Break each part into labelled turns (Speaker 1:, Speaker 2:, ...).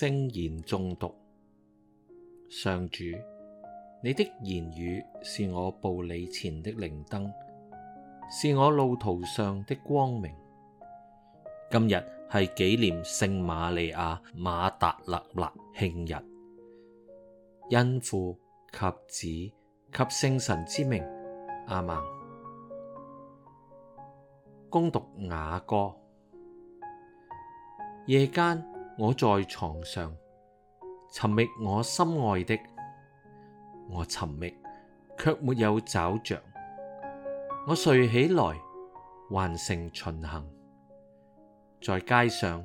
Speaker 1: 聖言誦讀，上主，你的言語是我步履前的靈燈，是我路途上的光明。今日係紀念聖瑪利亞瑪達肋納慶日，因父及子及聖神之名，阿門。恭讀雅歌，夜間。我在床上，尋覓我心愛的，我尋覓卻沒有找着。我遂起來，環城巡行，在街上，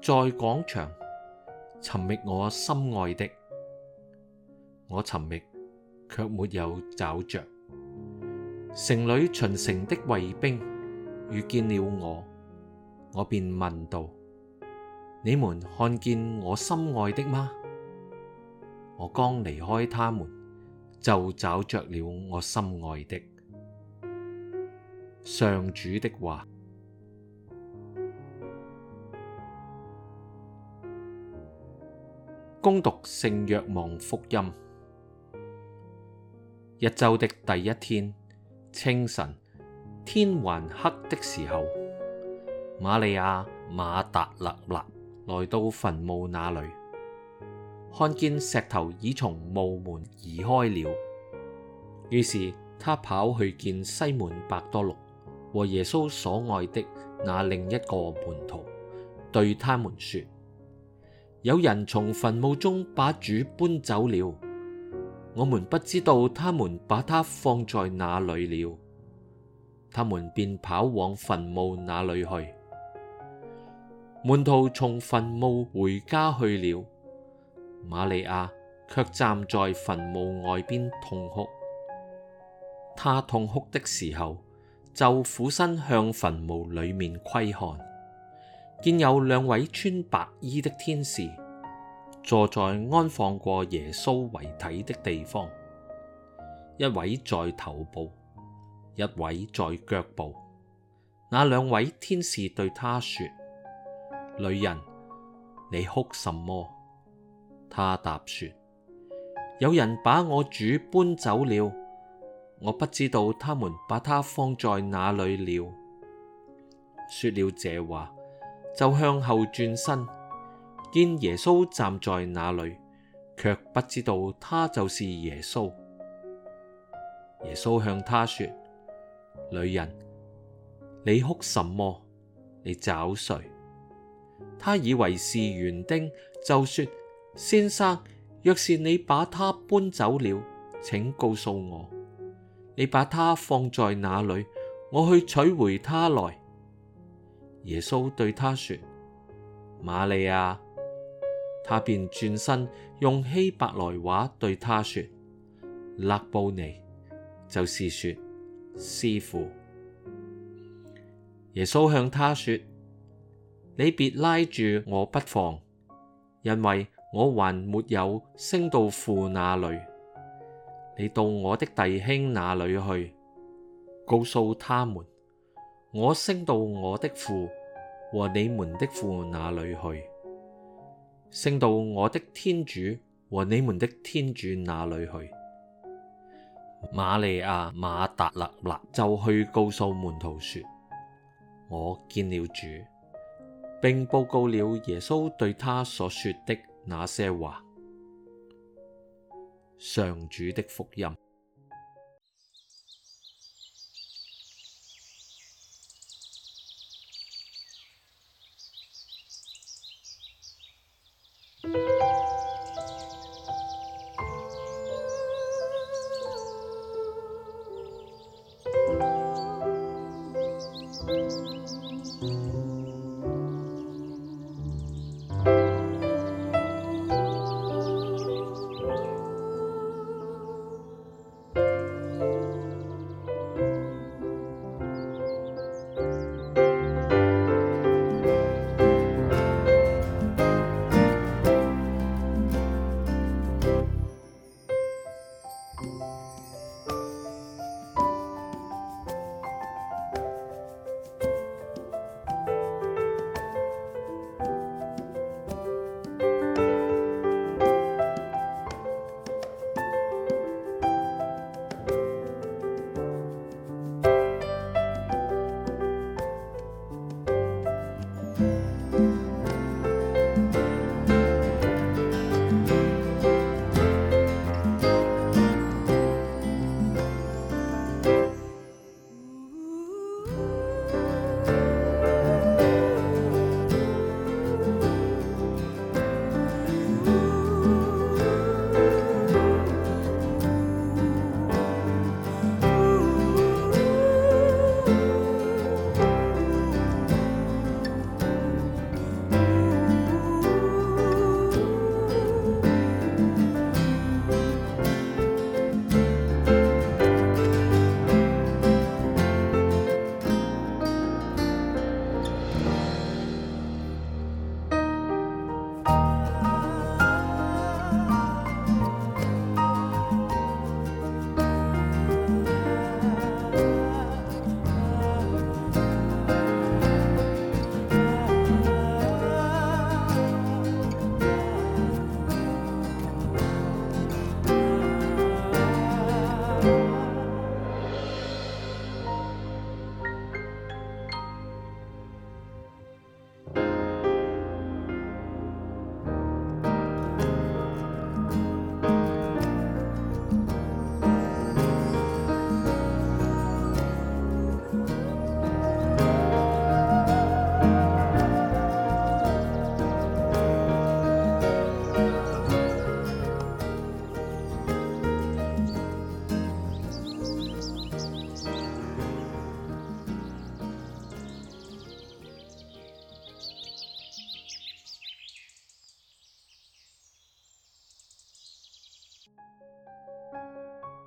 Speaker 1: 在廣場，尋覓我心愛的，我尋覓卻沒有找着。城裡巡夜的衛兵遇見了我，我便問道。你們看見我心愛的嗎？我剛離開他們，就找着了我心愛的。上主的話，恭讀聖若望福音，一周的第一天，清晨，天還黑的時候，瑪利亞瑪達肋納。來到墳墓那裡，看見石頭已從墓門移開了，於是她跑去見西滿伯多祿和耶穌所愛的那另一個門徒，對他們說：有人從墳墓中把主搬走了，我們不知道他們把他放在那裡了。他們便跑往墳墓那裡去。門徒從墳墓回家去了，瑪利亞卻站在墳墓外邊痛哭。她痛哭的時候，就俯身向墳墓裏面窺看，見有兩位穿白衣的天使坐在安放過耶穌遺體的地方，一位在頭部，一位在腳部。那兩位天使對她說：女人，你哭什麼？她答說：有人把我主搬走了，我不知道他們把他放在哪裏了。說了這話，就向後轉身，見耶穌站在那裡，卻不知道他就是耶穌。耶穌向她說：女人，你哭什麼？你找誰？他以為是園丁，就說：先生，若是你把他搬走了，請告訴我，你把他放在哪裏，我去取回他來。耶穌對他說：瑪利亞。他便轉身用希伯來話對他說：辣步尼，就是說，師傅。耶穌向他說。你別拉住我不放，因為我還沒有升到父那裡。你到我的弟兄那裡去，告訴他們，我升到我的父和你們的父那裡去，升到我的天主和你們的天主那裡去。瑪利亞瑪達肋納就去告訴門徒說：我見了主。並報告了耶穌對他所說的那些話，上主的福音。